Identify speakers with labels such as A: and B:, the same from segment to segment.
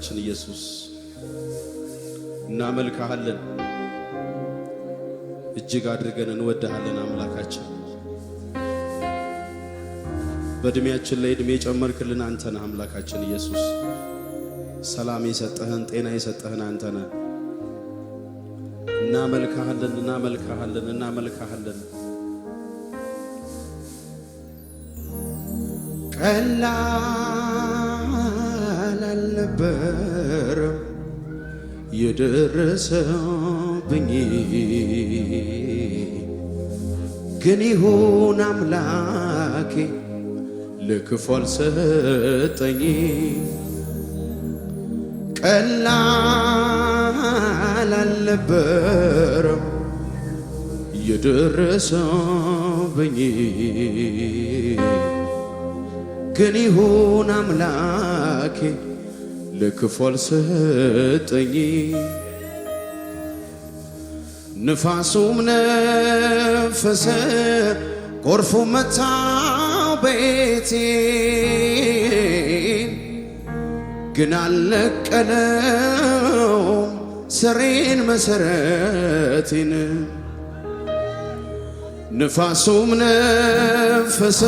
A: ጌታችን ኢየሱስ እናመልክሃለን፣ እጅግ አድርገን እንወድሃለን። አምላካችን በእድሜያችን ላይ እድሜ ጨመርክልን አንተ ነህ። አምላካችን ኢየሱስ ሰላም የሰጠህን ጤና የሰጠህን አንተ ነህ። እናመልካለን እናመልክሃለን፣
B: ቀላ ነበረ የደረሰብኝ ግን ይሁን አምላኬ ለክፉ አልሰጠኝ። ቀላል አልነበረም የደረሰብኝ ግን ይሁን አምላኬ ለክፉ አልሰጠኝ ንፋሱም ነፈሰ ጎርፉ መታው ቤቴን ግን አልለቀለውም ስሬን መሰረቴን ንፋሱም ነፈሰ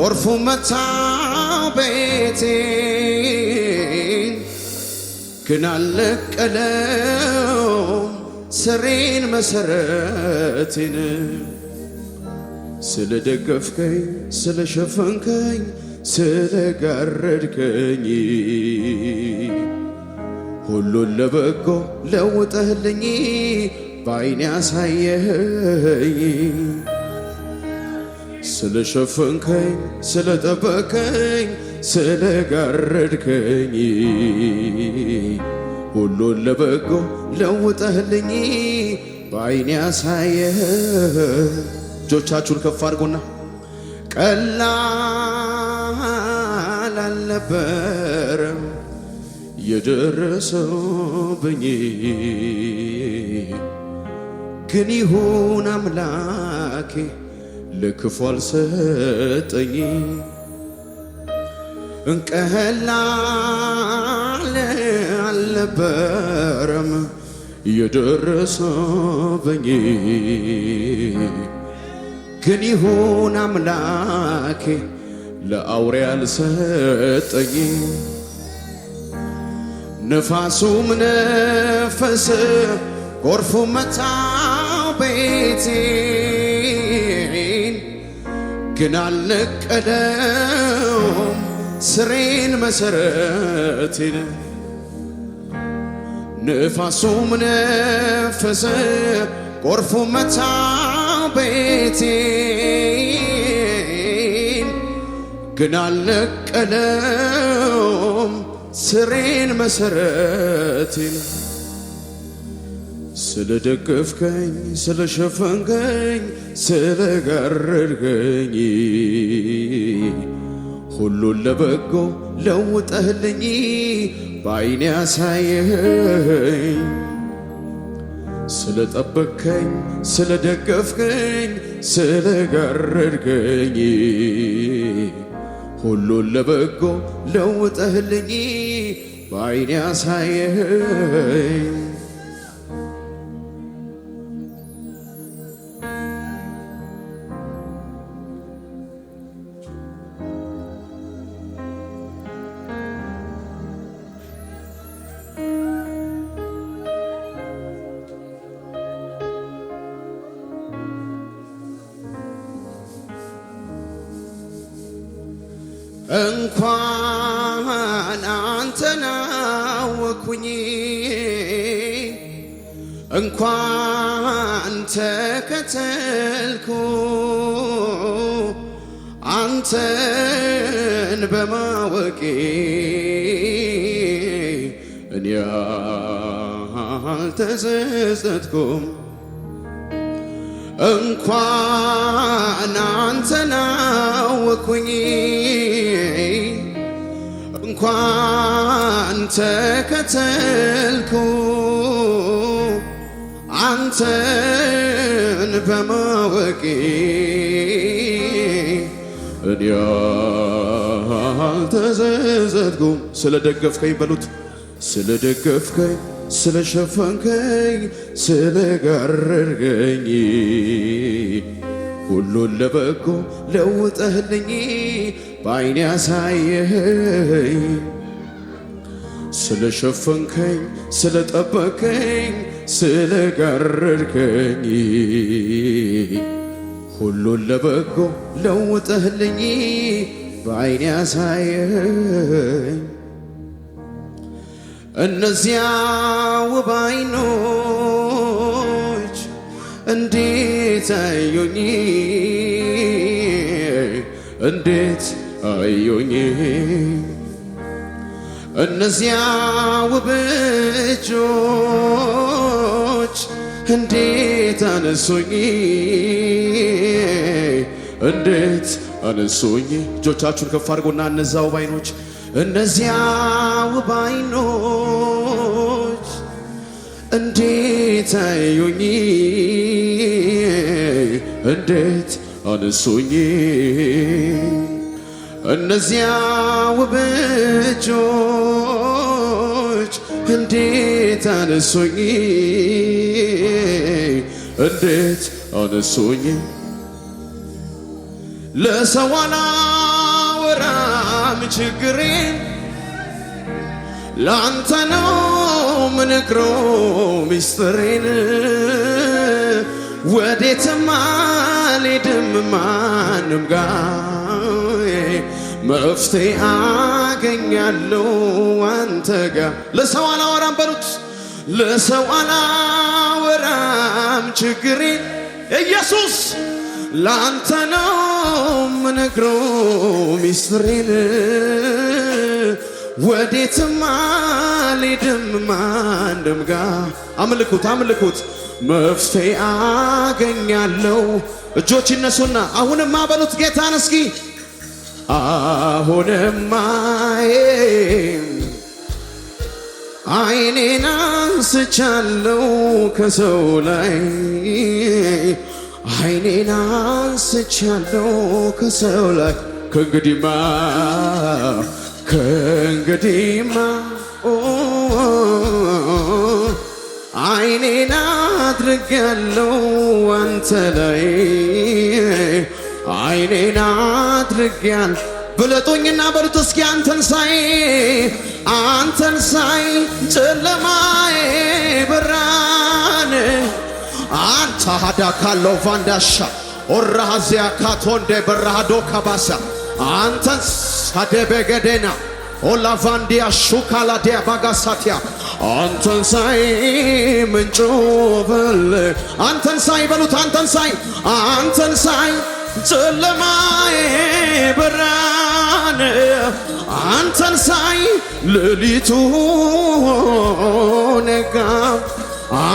B: ጎርፉ መታው ቤቴን ግን አልለቀለው ስሬን መሰረቴን ስለደገፍከኝ ስለሸፈንከኝ ስለጋረድከኝ ሁሉን ለበጎ ለውጠህልኝ በዓይን ያሳየኸኝ ስለሸፈንከኝ ስለጠበከኝ ስለጋረድከኝ ሁሉን ለበጎ ለውጠህልኝ በአይን ያሳየ
A: እጆቻችሁን ከፍ አድርጎና
B: ቀላል አልነበረም የደረሰብኝ ግን ይሁን አምላኬ ለክፉ ሰጠኝ እንቀላል አልነበረም የደረሰበኝ ግን ይሁን አምላኬ ለአውሬ አልሰጠኝ ነፋሱም ነፈስ ጎርፉ መታው ቤቴን ግን አልነቀለውም ስሬን መሰረቴን ንፋሱም ነፈሰ ጎርፉ መታ ቤቴን ግን አልነቀለውም ስሬን መሰረቴን ስለደገፍከኝ ስለሸፈንከኝ ስለጋረድከኝ ሁሉን ለበጎ ለውጠህልኝ በአይኔ ያሳየኸኝ ስለጠበከኝ ስለደገፍከኝ ስለጋረድከኝ ሁሉን ለበጎ ለውጠህልኝ ባይን ያሳየኝ እንኳን አንተን አወኩኝ እንኳን ተከተልኩ አንተን በማወቄ እኔ አልተዘዘትኩም። እንኳን አንተን አወኩኝ እንኳን ተከተልኩ አንተን በማወቂ እኔ አልተዘዘትኩም።
A: ስለ ደገፍከኝ በሉት
B: ስለ ደገፍከኝ ስለ ሁሉን ለበጎ ለውጠህልኝ በዓይኔ ያሳየኸኝ ስለሸፈንከኝ ስለጠበከኝ ስለጋረድከኝ ሁሉን ለበጎ ለውጠህልኝ በዓይኔ ያሳየኸኝ እነዚያ ውብ ዓይኖች እንዴት አዩኝ እንዴት አዩኝ እነዚያ ውብ እጆች እንዴት አነሶኝ እንዴት አነሱኝ
A: እጆቻችሁን ከፍ አድርጎና እነዛ ውብ አይኖች
B: እነዚያ ውብ አይኖች እንዴት አዩኝ እንዴት አነሱኝ እነዚያ ውብ እጆች እንዴት አነሱኝ እንዴት አነሱኝ ለሰው አላወራም ችግሬን ለአንተ ነው ምንግሮ ሚስጥሬን ወዴትም አልሄድም ማንም ጋር መፍትሄ አገኛለሁ አንተ ጋር።
A: ለሰው አላወራም በሉት፣
B: ለሰው አላወራም ችግሬ ኢየሱስ ላንተ ነው ምነግረው ሚስጥሬን ወዴትም አልሄድም ማንም ጋር።
A: አምልኩት አምልኩት
B: መፍትሄ አገኛለሁ።
A: እጆች ይነሱና አሁንማ በሉት ጌታን እስኪ
B: አሁንማ አይኔን አንስቻለሁ ከሰው ላይ አይኔን አንስቻለሁ ከሰው ላይ ከእንግዲማ ከእንግዲማ አይኔና አድርጌያለሁ አንተ ላይ አይኔን አድርጌያለሁ
A: ብለጦኝና በርቱ እስኪ አንተን ሳይ አንተን ሳይ ጨለማዬ በራን አንተ ሃዳ ካለው ቫንዳሻ ኦራሃዚያ ካቶንዴ በራሃዶ ከባሳ አንተን ሳደበገዴና ኦላቫንዲያ ሹካላዲያ ባጋሳቲያ
B: አንተን ሳይ ምንጩ ፈለግ
A: አንተን ሳይ በሉት አንተን ሳይ
B: አንተን ሳይ ጨለማዬ በራን አንተን ሳይ ሌሊቱ ነጋ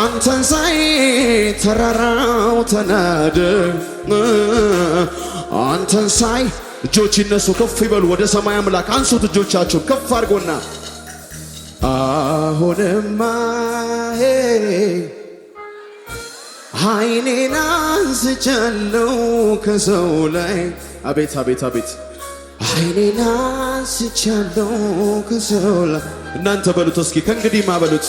B: አንተን ሳይ ተራራው ተናደ
A: አንተን ሳይ እጆች ይነሱ ከፍ ይበሉ ወደ ሰማይ አምላክ አንሱት እጆቻችሁ ከፍ አድርጎና
B: አሁንማ አይኔን አንስቻለው ከሰው ላይ
A: አቤት አቤት አቤት
B: አይኔን አንስቻለው ከሰው ላይ
A: እናንተ በሉት እስኪ ከእንግዲህ ማበሉት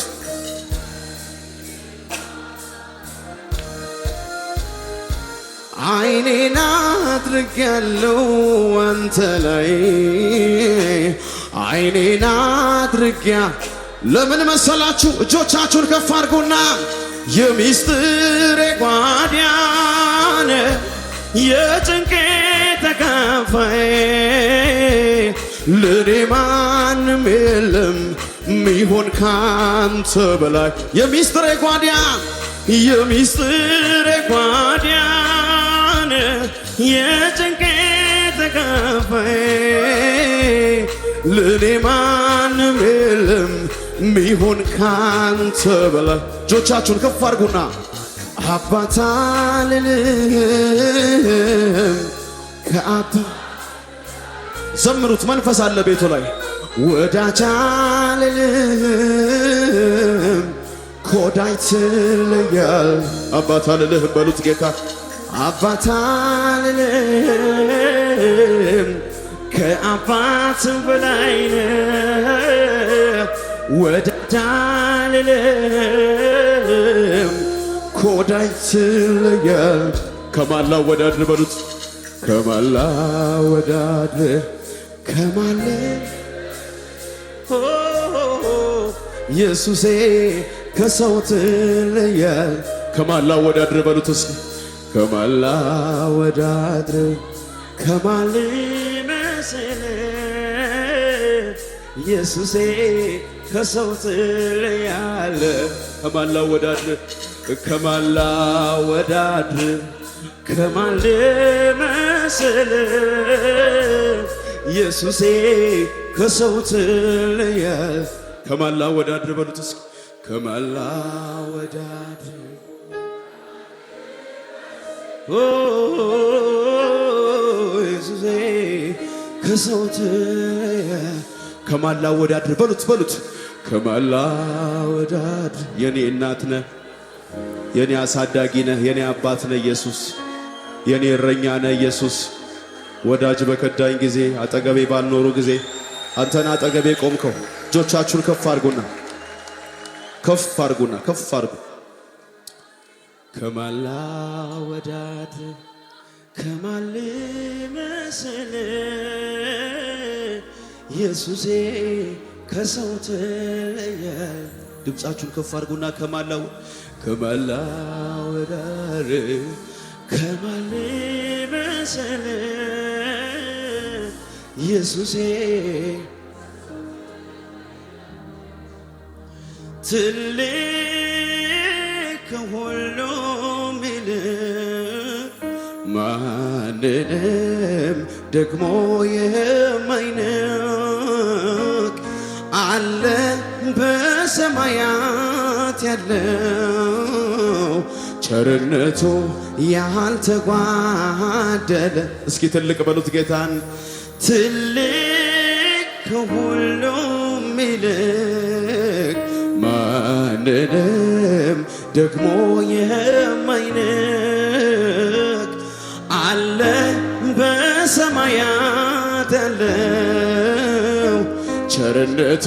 B: አይኔን አድርጌያለው አንተ ላይ አይኔን አድርጊያ
A: ለምን መሰላችሁ? እጆቻችሁን ከፍ አድርጉና
B: የሚስጥሬ ጓዳነ የጭንቄ ተካፋዬ ለኔ ማንም የለም ሚሆን ካንተ በላይ
A: የሚስጥሬ ጓዳ
B: የሚስጥሬ ጓዳነ የጭንቄ ተካፋዬ ለኔ ማንም የለም ሚሆን ካንተ በላይ።
A: እጆቻችሁን ከፍ አድርጉና
B: አባት አልልህም ከአንተ
A: ዘምሩት። መንፈስ አለ ቤቱ ላይ
B: ወዳጅ አልልህም ከወዳጅ ትለያል።
A: አባት አልልህም በሉት ጌታ
B: አባት አልልህም ከአባት በላይ ወዳዳልልም ኮዳይ ስለያል
A: ከማላ ወዳድ በሉት
B: ከማላ ወዳድ ከማለ ኢየሱሴ ከሰው ትለያል
A: ከማላ ወዳድር በሉት እስኪ
B: ከማላ ወዳድር ከማል ኢየሱሴ ከሰው ጥል ያለ
A: ከማላ ወዳድር
B: ከማላ ወዳድር ከማን ልመስል ኢየሱሴ ከሰው ጥል ያለ
A: ከማላ ወዳድር በሉት እስኪ
B: ከማላ ኢየሱሴ ከሰው
A: ከማላ ወዳድ በሉት በሉት
B: ከማላ ወዳድ
A: የኔ እናት ነ የኔ አሳዳጊ ነ፣ የኔ አባት ነ ኢየሱስ፣ የኔ እረኛ ነ ኢየሱስ። ወዳጅ በከዳኝ ጊዜ አጠገቤ ባልኖሩ ጊዜ አንተን አጠገቤ ቆምከው። እጆቻችሁን ከፍ አርጉና ከፍ አርጉና ከፍ አርጉ።
B: ከማላ ወዳድ ከማል መስል ኢየሱሴ ከሰው ትለያል።
A: ድምፃችሁን ከፍ አድርጉና ከማላው
B: ከማላው ዳር ከማሌ መሰለ ኢየሱሴ ትልቅ ከሁሉ ማንንም ደግሞ የማይንቅ አለ በሰማያት ያለው ቸርነቱ ያልተጓደለ።
A: እስኪ ትልቅ በሉት ጌታን
B: ትልቅ ከሁሉም ይልቅ ማንንም ደግሞ የማይንቅ አለ በሰማያት ያለው ቸርነቱ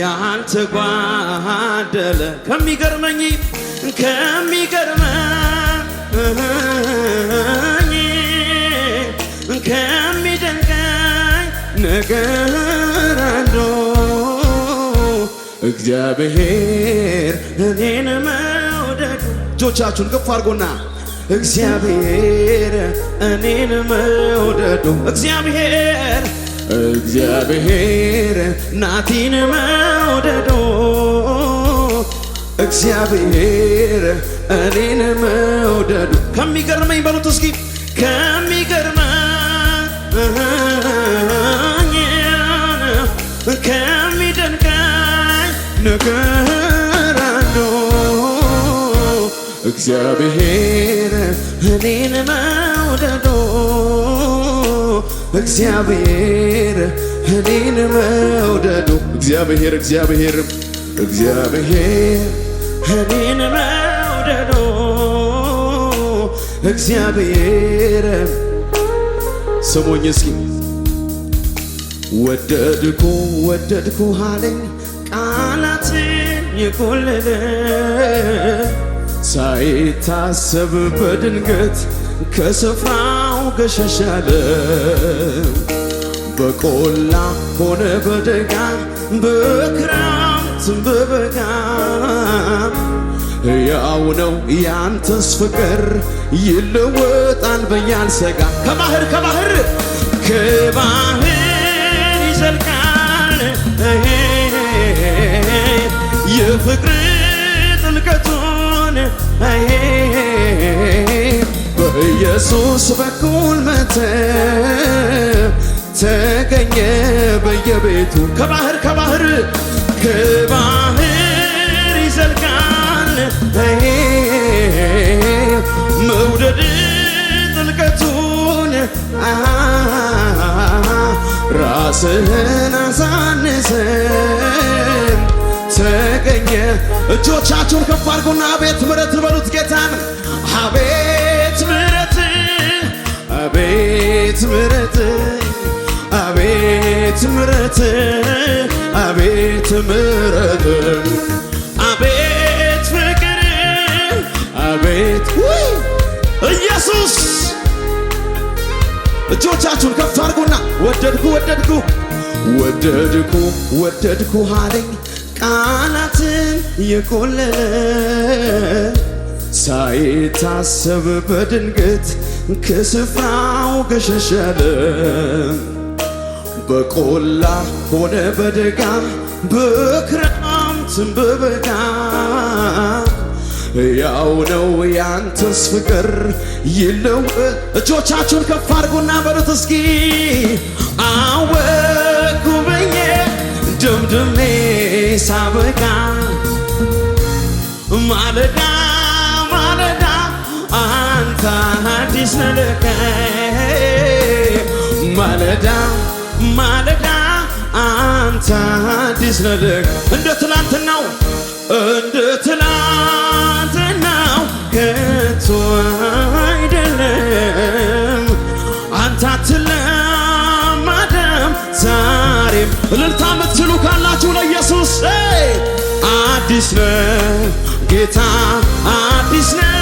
B: ያልተጓደለ ከሚገርመኝ ከሚገርመኝ ከሚደንቀኝ ነገር አንዱ እግዚአብሔር እኔን መውደዱ
A: እጆቻችሁን ግፍ አድርጎና
B: እግዚአብሔር እኔን መውደዱ እግዚአብሔር እግዚአብሔር ናቲን መውደዱ እግዚአብሔር እኔን መውደዱ
A: ከሚገርመኝ በሉት እስኪ
B: ከሚገርመኝ ከሚደንቀኝ ነገር አንዱ እግዚአብሔር እኔን መውደዶ እግዚአብሔር እኔን መውደዱ
A: እግዚአብሔር እግዚአብሔር
B: እግዚአብሔር እኔን መውደዱ እግዚአብሔር ስሙኝ እስኪ ወደድኩ ወደድኩ አለኝ ቃላትን የቆለለ ሳይታሰብ በድንገት ከስፍራው ገሸሽ በቆላ ሆነ በደጋ በክረምትም በበጋ ያው ነው ያንተስ ፍቅር ይለወጣል በያልሰጋ
A: ከባህር ከባህር
B: ከባህር ይዘልቃል የፍቅር በኢየሱስ በኩል መተ ተገኘ በየቤቱ
A: ከባህር ከባህር
B: ከባህር ይዘልቃል መውደድ ጥልቀቱን ራስህን
A: እጆቻችሁን ከፍ አድርጉና አቤት ምሕረት በሉት ጌታን።
B: አቤት ምሕረት፣ አቤት ምሕረት፣ አቤት ምሕረት፣ አቤት ምሕረት፣ አቤት ፍቅር፣ አቤት
A: ኢየሱስ። እጆቻችሁን ከፍ አድርጉና ወደድኩ ወደድኩ
B: ወደድኩ ወደድኩ አለኝ ቃላትን የቆለለ ሳይታሰብ በድንገት ከስፍራው ገሸሸለ በቆላ ሆነ በደጋ በክረምትም በበጋ ያው ነው ያንተስ ፍቅር ይለው
A: እጆቻችሁን ከፍ አድርጉና በሉት እስኪ
B: አወ ደምድሜ ሳበቃ ማለዳ ማለዳ አንተ አዲስ ነለቀ ማለዳ ማለዳ አንተ አዲስ ነለቀ
A: እንደ ትላንትናው
B: እንደ ትላንትናው ከቶ
A: እልልታ ምትሉ ካላችሁ ለኢየሱስ
B: አዲስ ነው ጌታ አዲስ ነው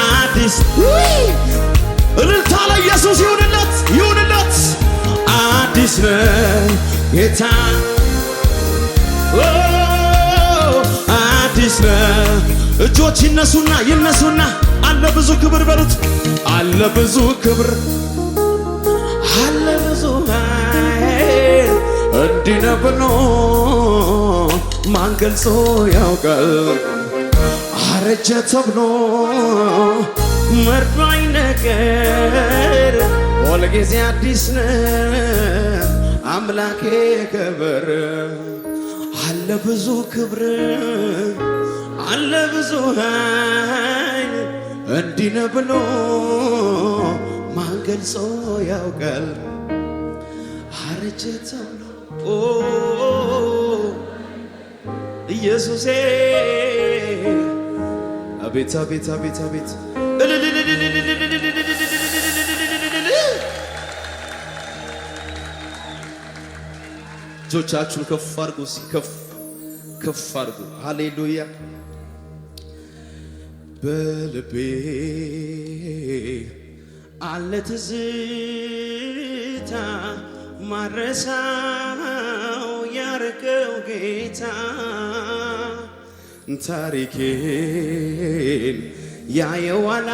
B: አዲስ
A: እልልታ ለኢየሱስ ይሁንለት ይሁንለት
B: አዲስ ነው ጌታ አዲስ ነው
A: እጆች ይነሱና ይነሱና አለ ብዙ ክብር በሉት
B: አለ ብዙ ክብር አለ እንዲህ ነው ብሎ ማን ገልጾ ያውቃል? አረጀ ተብሎ መርዶ ነገር ሁልጊዜ አዲስ ነው አምላኬ ክብር አለ ብዙ ክብር አለ ብዙ ኃይል እንዲህ ነው ማን ገልጾ ያውቃል? አረጀ ኢየሱሴ
A: አቤት አቤት አቤት አቤት እጆቻችሁን ከፍ አድርጉ፣ ከፍ ከፍ አድርጉ። ሃሌሉያ
B: በልቤ አለ ትዝታ ማረሳው ያረገው ጌታ ታሪኬን ያየዋላ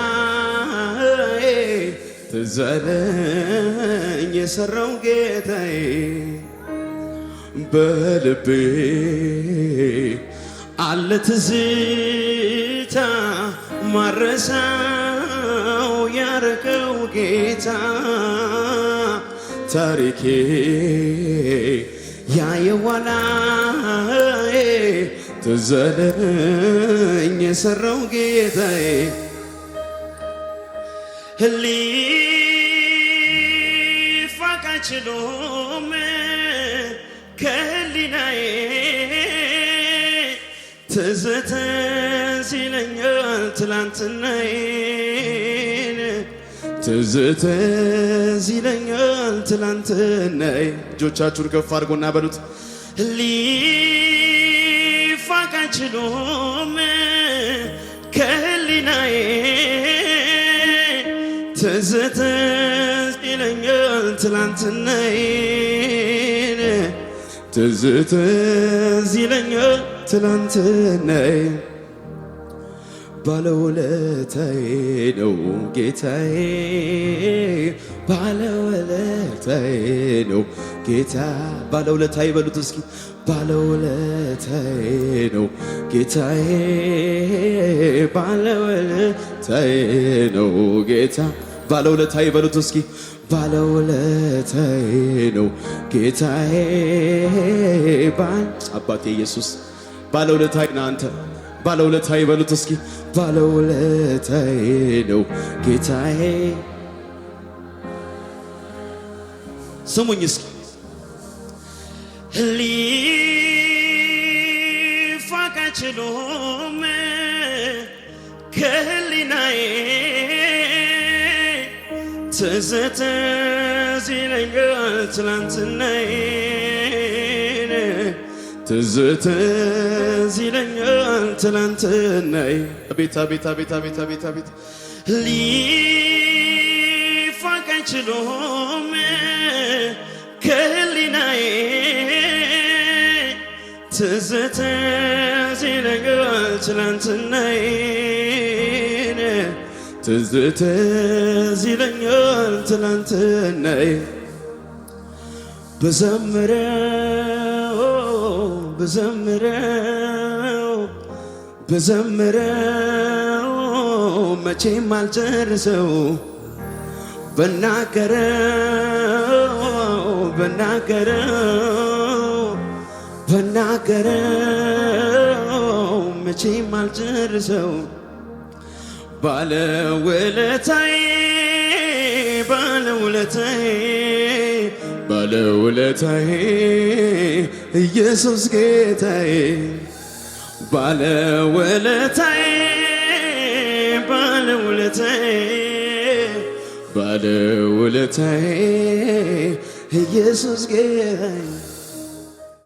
B: ትዘለኝ የሰራው ጌታዬ በልቤ አለ ትዝታ ማረሳው ያረገው ጌታ ታሪኬ ያየዋላ ትዘለኝ የሰራው ጌታዬ ሊፋቅ አይችሉም ከህሊናዬ ትዝት ሲለኛል ትላንትናዬ ትዝ ትዝ ይለኛል ትላንትናዬ።
A: እጆቻችሁን ከፍ አድርጎና በሉት
B: ሊፋቅ አይችሉም ከህሊናዬ። ትዝ ትዝ ይለኛል ትላንትናዬ። ትዝ ትዝ ይለኛል ትላንትናዬ ባለውለታዬ ነው ጌታዬ ባለውለታዬ ነው ጌታ
A: ባለውለታዬ በሉት እስኪ
B: ባለውለታዬ ነው ጌታዬ ባለውለታዬ ነው ጌታ
A: ባለውለታዬ በሉት እስኪ
B: ባለውለታዬ ነው ጌታዬ
A: አባቴ ኢየሱስ ባለውለታዬ አንተ ባለውለታ ይበሉት እስኪ
B: ባለውለታዬ ነው ጌታዬ። ስሙኝ እስኪ ሊፋቅ አይችሉም ከህሊናዬ ትዝ ትዝ ይለኛል ትላንትናዬ ትዝ ትዝ ይለኛል ትላንትናይ
A: አቤት አቤት አቤት አቤት አቤት አቤት
B: ሊፋቅ አይችልም ከህሊናዬ ትዝ ትዝ ይለኛል ትላንትናይ ትዝ ትዝ ይለኛል ትላንትናይ በዘመረ ብዘምረው ብዘምረው መቼም አልጨርሰው በናገረው በናገረው በናገረው መቼም አልጨርሰው ባለውለታዬ ባለውለታዬ ባለውለታዬ ኢየሱስ ጌታዬ ባለውለታዬ ባለውለታዬ ባለውለታዬ ኢየሱስ ጌታዬ